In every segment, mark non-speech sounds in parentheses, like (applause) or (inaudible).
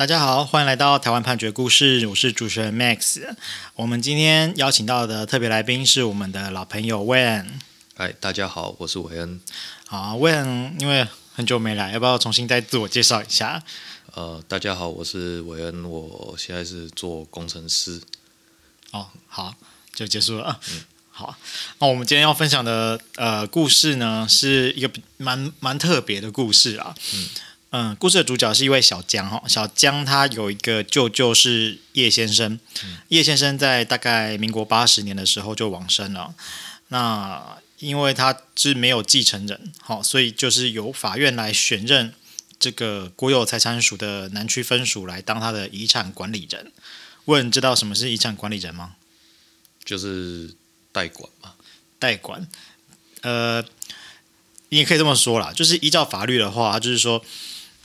大家好，歡迎來到台灣判決故事，我是主持人 Max。我們今天邀請到的特別來賓是我們的老朋友 Wayne。哎，大家好，我是韋恩。好，Wayne，因為很久沒來，要不要重新再自我介紹一下？呃，大家好，我是韋恩，我現在是做工程師。哦，好，就結束了。嗯，好。那我們今天要分享的呃故事呢，是一個蠻蠻，蠻特別的故事啊。嗯。嗯，故事的主角是一位小江哈，小江他有一個舅舅是葉先生，葉、嗯、先生在大概民國八十年的時候就往生了，那因為他是沒有繼承人，好，所以就是由法院來選任這個國有財產署的南區分署來當他的遺產管理人。問，知道什麼是遺產管理人嗎？就是代管嘛、啊，代管，呃，你也可以這麼說啦，就是依照法律的話，就是說。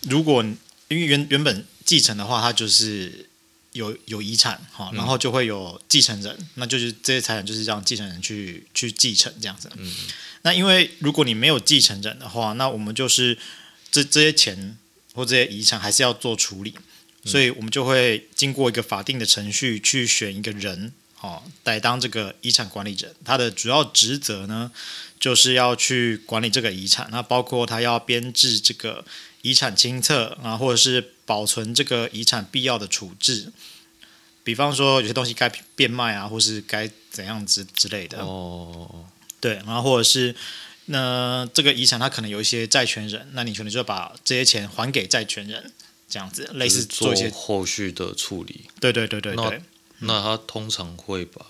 如果因為原原本繼承的話，它就是有有遺產哈、哦，然後就會有繼承人，嗯、那就是這些財產就是讓繼承人去去繼承這樣子。嗯、那因為如果你沒有繼承人的話，那我們就是這這些錢或這些遺產還是要做處理，嗯、所以我們就會經過一個法定的程序去選一個人哈來、哦、當這個遺產管理人。他的主要職責呢，就是要去管理這個遺產，那包括他要編制這個。遺產清冊啊，或者是保存這個遺產必要的處置，比方說有些東西該變賣啊，或是該怎樣之之類的。哦，對，然後或者是那這個遺產，他可能有一些債權人，那你可能就要把這些錢還給債權人，這樣子，類似做一些做後續的處理。對，對對對對。那、嗯、那他通常會把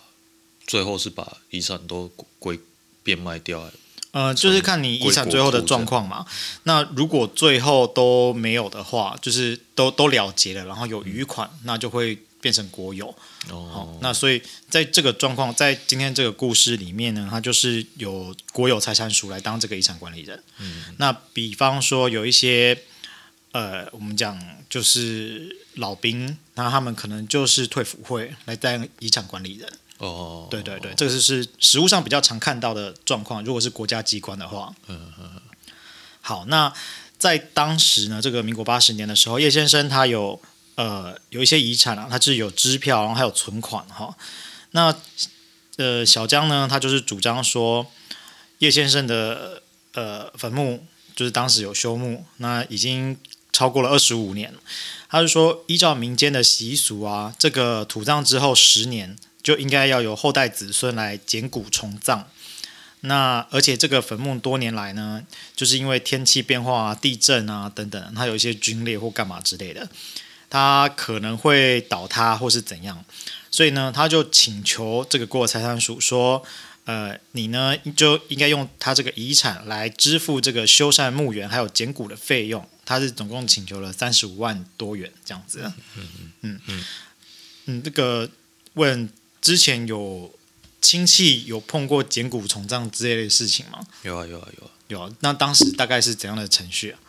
最後是把遺產都歸變賣掉。呃，就是看你遺產最後的狀況嘛。那如果最後都沒有的話，就是都都了結了，然後有餘款，嗯、那就會變成國有。哦，哦，那所以在這個狀況，在今天這個故事裡面呢，他就是由國有財產署來當這個遺產管理人。嗯，那比方說有一些，呃，我們講就是老兵，那他們可能就是退輔會來當遺產管理人。哦，oh, 對對對，oh, oh, oh, oh, oh. 這個是是實務上比較常看到的狀況。如果是國家機關的話，嗯嗯，好，那在當時呢，這個民國八十年的時候，葉先生他有呃有一些遺產啊，他是有支票，然後還有存款哈、哦。那呃小江呢，他就是主張說，葉先生的呃墳墓就是當時有修墓，那已經超過了二十五年，他就說依照民間的習俗啊，這個土葬之後十年，就應該要由後代子孫來撿骨重葬。那而且這個墳墓多年來呢，就是因為天氣變化、啊、地震啊等等，它有一些龜裂或幹嘛之類的，它可能會倒塌或是怎樣。所以呢，他就請求這個國有財產署說：“呃，你呢就應該用他這個遺產來支付這個修繕墓園還有撿骨的費用。”他是總共請求了三十五萬多元這樣子。嗯嗯嗯嗯嗯，這個問。之前有親戚有碰過撿骨、重葬之類的事情嗎？有啊有啊有啊有啊！那當時大概是怎樣的程序啊？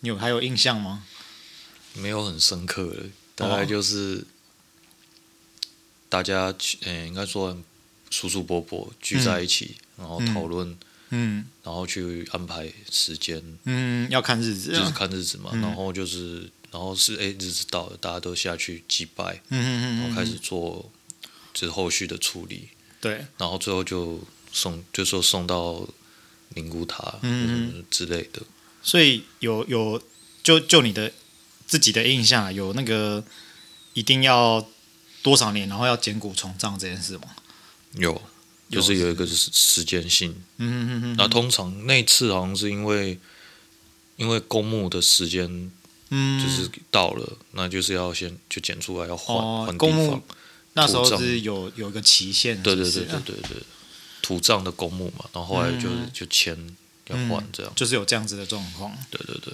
你有還有印象嗎？沒有很深刻的，大概就是，哦、大家，誒、欸，應該說叔叔伯伯聚在一起，嗯，然後討論，嗯，然後去安排時間，嗯，要看日子，就是看日子嘛，嗯，然後就是，然後是哎、欸，日子到了，大家都下去祭拜，然後開始做。之後續的處理，對，然後最後就送，就說送到靈骨塔嗯，嗯之類的。所以有有就就你的自己的印象，有那個一定要多少年，然後要撿骨重葬這件事嗎？有，就是有一個時間性。嗯嗯，嗯嗯嗯。那通常那次好像是因為因為公墓的時間嗯，就是到了，嗯、那就是要先就撿出來要換、哦、公墓。那時候是有有一個期限是是，啊，對對對對對對，土葬的公墓嘛，然後後來就，嗯、就遷要換這樣，嗯，就是有這樣子的狀況，對對對，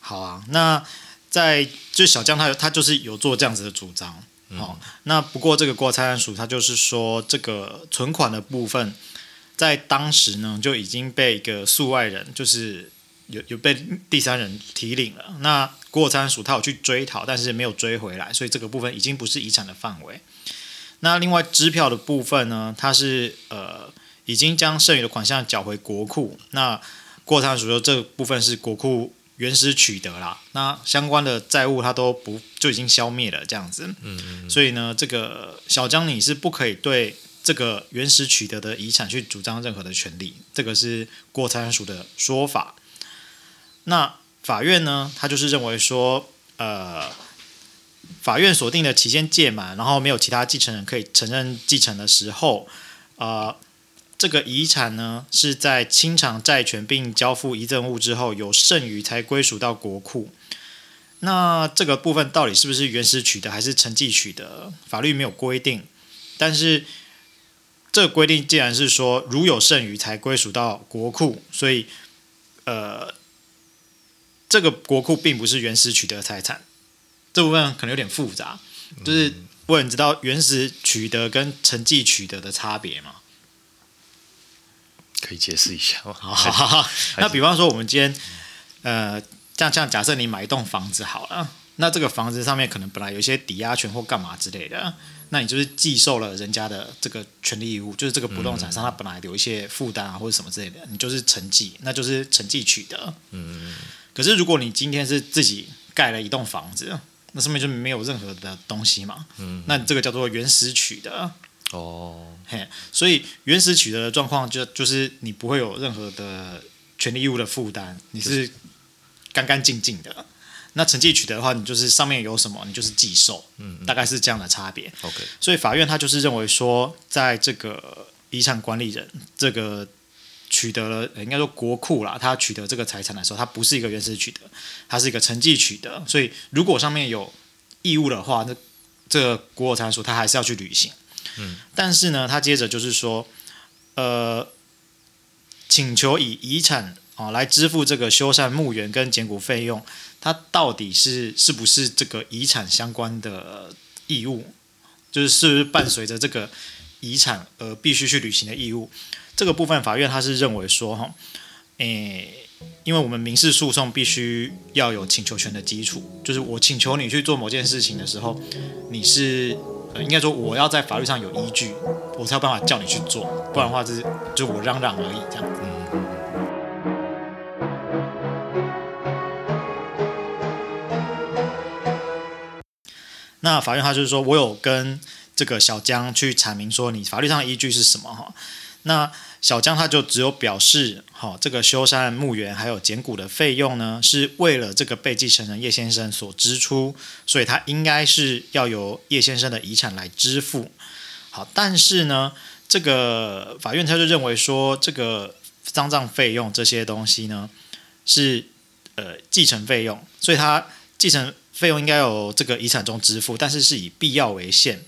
好啊，那在就小江他他就是有做這樣子的主張，好、嗯哦，那不過這個國財產署他就是說，這個存款的部分，在當時呢就已經被一個訴外人就是。有有被第三人提領了，那國產署他有去追討，但是沒有追回來，所以這個部分已經不是遺產的範圍。那另外支票的部分呢，它是呃已經將剩餘的款項繳回國庫。那國產署說這個部分是國庫原始取得啦，那相關的債務它都不就已經消滅了這樣子。嗯嗯嗯。所以呢，這個小江你是不可以對這個原始取得的遺產去主張任何的權利，這個是國產署的說法。那法院呢，他就是認為說，呃，法院所定的期限屆滿，然後沒有其他繼承人可以承認繼承的時候，呃，這個遺產呢是，在清償債權並交付遺贈物之後有剩餘才歸屬到國庫。那這個部分到底是不是原始取得還是承繼取得？法律沒有規定，但是這個規定既然是說如有剩餘才歸屬到國庫，所以呃。這個國庫並不是原始取得的財產，這部分可能有點複雜。嗯、就是問你知道原始取得跟承繼取得的差別嗎？可以解釋一下嗎？那比方說我們今天，嗯、呃，這樣這樣，假設你買一棟房子好了，那這個房子上面可能本來有一些抵押權或幹嘛之類的，那你就是繼受了人家的這個權利義務，就是這個不動產上、嗯、它本來有一些負擔啊或者什麼之類的，你就是承繼，那就是承繼取得。嗯。可是，如果你今天是自己蓋了一棟房子，那上面就沒有任何的東西嘛。嗯、哼那這個叫做原始取得。哦，嘿，所以原始取得的狀況就就是你不會有任何的權利義務的負擔，你是干干淨淨的。就是、那繼受取得的話，你就是上面有什麼，你就是繼受。嗯哼，大概是這樣的差別。OK，、嗯、哼所以法院他就是認為說，在這個遺產管理人這個。取得了，應該說國庫啦，他取得這個財產的時候，他不是一個原始取得，他是一個承繼取得。所以如果上面有義務的話，那這個國有財產署他還是要去履行。嗯，但是呢，他接着就是說，呃，請求以遺產啊、呃、來支付這個修繕墓園跟撿骨費用，它到底是是不是這個遺產相關的義務？就是是不是伴隨着這個遺產而必須去履行的義務？這個部分，法院他是認為說，哈，誒，因為我們民事訴訟必須要有請求權的基礎，就是我請求你去做某件事情的時候，你是，應該說我要在法律上有依據，我才有辦法叫你去做，不然的話就是就我嚷嚷而已。這樣。嗯，那法院他就是說我有跟這個小江去闡明說，你法律上的依據是什麼？哈。那小江他就只有表示，好、哦，這個修繕墓園還有撿骨的費用呢，是為了這個被繼承人葉先生所支出，所以他應該是要由葉先生的遺產來支付。好，但是呢，這個法院他就認為說，這個喪葬費用這些東西呢，是呃繼承費用，所以他繼承費用應該由這個遺產中支付，但是是以必要為限。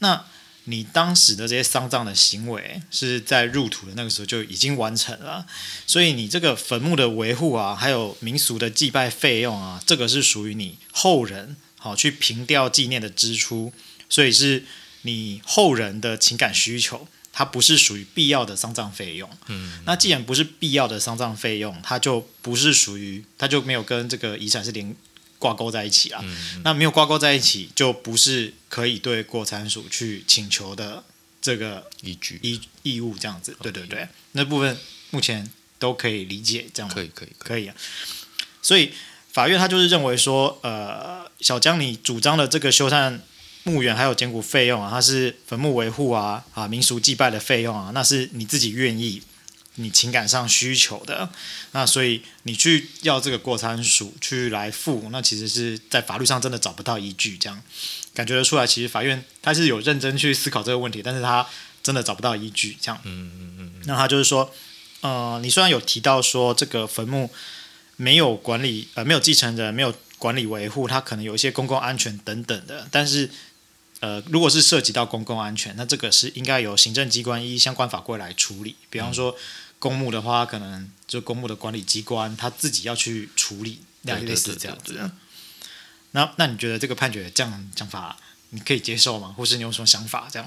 那你當時的這些喪葬的行為是在入土的那個時候就已經完成了，所以你這個墳墓的維護啊，還有民俗的祭拜費用啊，這個是屬於你後人好、哦、去憑吊紀念的支出，所以是你後人的情感需求，它不是屬於必要的喪葬費用。嗯，那既然不是必要的喪葬費用，它就不是屬於，它就沒有跟這個遺產是連。掛鈎在一起啊，嗯、那沒有掛鈎在一起，就不是可以對國產署去請求的這個依據義義務這樣子。Okay. 對對對，那部分目前都可以理解這樣可。可以可以可以啊。所以法院他就是認為說，呃，小江你主張的這個修繕墓園還有撿骨費用啊，它是墳墓維護啊啊民俗祭拜的費用啊，那是你自己願意，你情感上需求的那，所以你去要這個國產署去來付，那其實是在法律上真的找不到依據。這樣，感覺得出來，其實法院他是有認真去思考這個問題，但是他真的找不到依據。這樣，嗯嗯嗯，那他就是說，呃，你雖然有提到說這個墳墓沒有管理，呃，沒有繼承的人，沒有管理維護，他可能有一些公共安全等等的，但是，呃，如果是涉及到公共安全，那這個是應該由行政機關依相關法規來處理，比方說。嗯公墓的話，可能就公墓的管理機關他自己要去處理，類似這樣子。那那你覺得這個判決這樣講法，你可以接受嗎？或是你有什麼想法？這樣？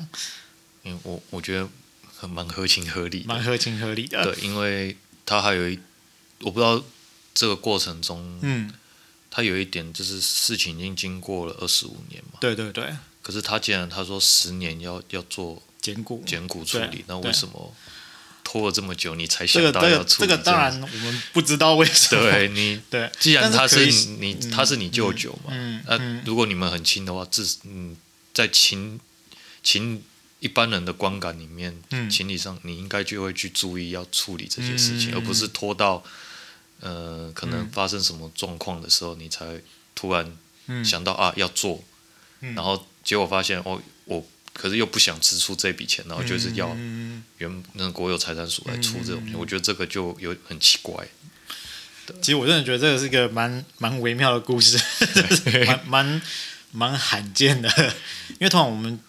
嗯，我我覺得很蠻合情合理，蠻合情合理的。理的對，因為他還有一，我不知道這個過程中，嗯，他有一點就是事情已經經過了二十五年嘛，對對對。可是他既然他說十年要要做撿骨撿骨處理，對那為什麼？拖了這麼久，你才想到要處理。這個當然，我們不知道為什麼。對你，對，既然他是你，他是你舅舅嘛。那如果你們很親的話，至嗯，在情情一般人的觀感裡面，嗯，情理上你應該就會去注意要處理這些事情，而不是拖到呃可能發生什麼狀況的時候，你才突然想到啊要做，然後結果發現哦我。可是又不想支出這筆錢，然後就是要原那、嗯、國有財產署來出這種錢，嗯、我覺得這個就有很奇怪。嗯、對 其實我真的覺得這個是一個蠻蠻微妙的故事，蠻蠻蠻罕見的。因為通常我們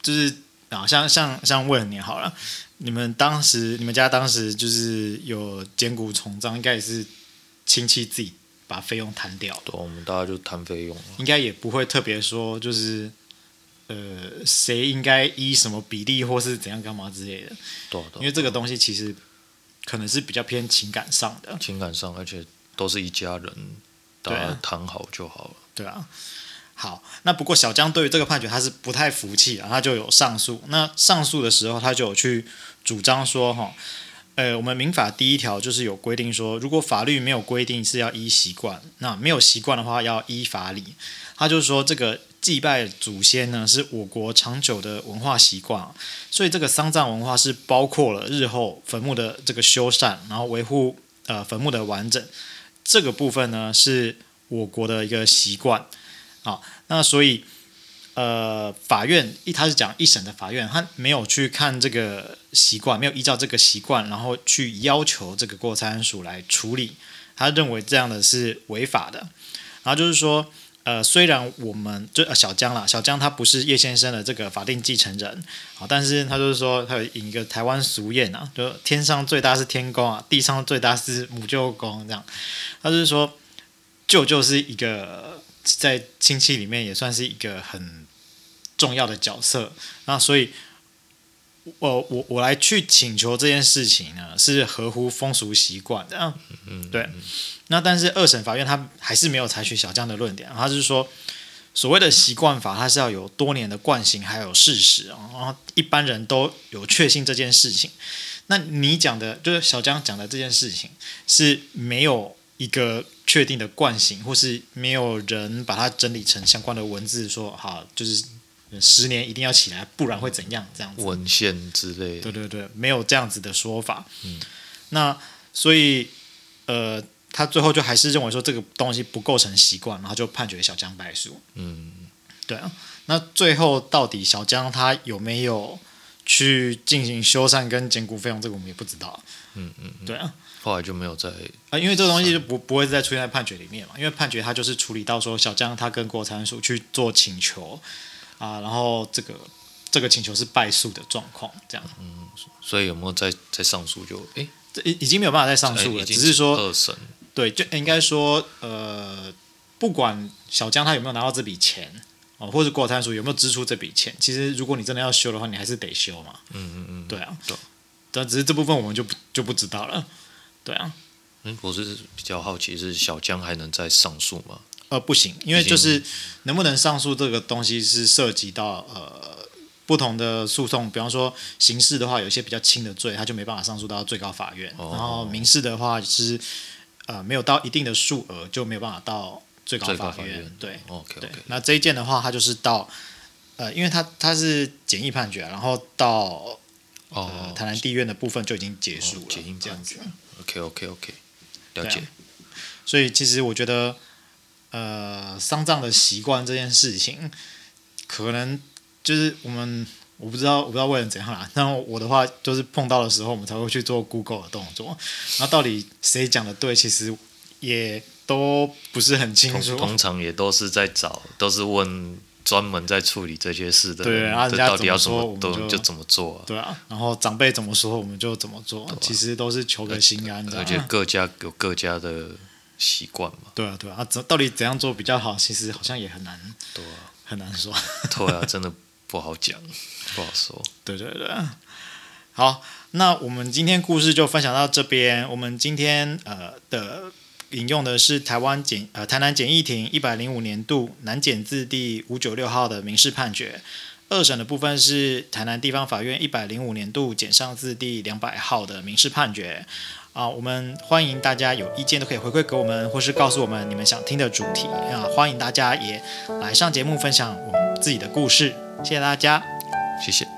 就是啊，像像像問你好了，你們當時你們家當時就是有撿骨重葬，應該也是親戚自己把費用攤掉。對，我們大家就攤費用了。應該也不會特別說就是。呃，誰應該依什麼比例或是怎樣幹嘛之類的？對啊對啊，因為這個東西其實可能是比較偏情感上的，情感上，而且都是一家人，大家談好就好了對啊。對啊，好。那不過小江對於這個判決他是不太服氣啊，他就有上訴。那上訴的時候，他就有去主張說，哈，呃，我們民法第一條就是有規定說，如果法律沒有規定是要依習慣，那沒有習慣的話要依法理。他就說這個。祭拜祖先呢，是我國長久的文化習慣，所以這個喪葬文化是包括了日後墳墓的這個修繕，然後維護呃墳墓的完整，這個部分呢是我國的一個習慣啊。那所以呃，法院一他是講一審的法院，他沒有去看這個習慣，沒有依照這個習慣，然後去要求這個國財署來處理，他認為這樣的是違法的，然後就是說。呃，雖然我們就、呃、小江啦，小江他不是葉先生的這個法定繼承人啊，但是他就是說，他有一個台灣俗諺啊，就天上最大是天公啊，地上最大是母舅公這樣，他就是說舅舅是一個在親戚裡面也算是一個很重要的角色，那所以。呃、我我我來去請求這件事情呢，是合乎風俗習慣的、嗯。對。那但是二審法院他還是沒有採取小江的論點，他就是說，所謂的習慣法，它是要有多年的慣行，還有事實，然、嗯、後一般人都有確信這件事情。那你講的，就是小江講的這件事情，是沒有一個確定的慣行，或是沒有人把它整理成相關的文字說好，就是。十年一定要起來，不然會怎樣？這樣子。文獻之類的。對對對，沒有這樣子的說法。嗯，那所以呃，他最後就還是認為說這個東西不構成習慣，然後就判決小江敗訴。嗯，對啊。那最後到底小江他有沒有去進行修繕跟鑑估費用，這個我們也不知道、啊嗯。嗯嗯，對啊。後來就沒有再啊，因為這個東西就不不會再出現在判決裡面嘛，因為判決他就是處理到說小江他跟國財署去做請求。啊，然後這個這個請求是敗訴的狀況，這樣。嗯，所以有沒有再再上訴？就哎，已已經沒有辦法再上訴了，只是說二審神。對，就應該說，呃，不管小江他有沒有拿到這筆錢，哦，或者是國產署有沒有支出這筆錢，其實如果你真的要修的話，你還是得修嘛。嗯嗯嗯，嗯對啊，對，但只是這部分我們就不就不知道了。對啊，嗯，我是比較好奇是小江還能再上訴嗎？呃，不行，因為就是能不能上訴這個東西是涉及到呃不同的訴訟。比方說刑事的話，有些比較輕的罪，他就沒辦法上訴到最高法院。哦、然後民事的話、就是呃沒有到一定的數額就沒有辦法到最高法院。法院對、哦、，OK, okay 對，那這一件的話，他就是到呃，因為他他是簡易判決，然後到、哦、呃台南地院的部分就已經結束了。簡易、哦、判決，這樣子，OK OK OK，了解對、啊。所以其實我覺得。呃，喪葬的習慣這件事情，可能就是我們我不知道，我不知道為了怎樣啦、啊。然後我的話，就是碰到的時候，我們才會去做 Google 的動作。那到底誰講的對，其實也都不是很清楚。通常也都是在找，都是問專門在處理這些事的人。對，然後到底要什麼，做就，就，就怎麼做、啊。對啊，然後長輩怎麼說，我們就怎麼做。啊、其實都是求個心安的。而且各家有各家的。習慣嘛，對啊，對啊，對啊，怎到底怎樣做比較好？其實好像也很難，對啊，很難說，對啊，真的不好講， (laughs) 不好說，對對對。好，那我們今天故事就分享到這邊。我們今天呃的引用的是台灣簡呃台南簡易庭一百零五年度南簡字第五九六號的民事判決，二審的部分是台南地方法院一百零五年度簡上字第兩百號的民事判決。啊，我們歡迎大家有意見都可以回饋給我們，或是告訴我們你們想聽的主題。啊，歡迎大家也來上節目分享我們自己的故事，謝謝大家，謝謝。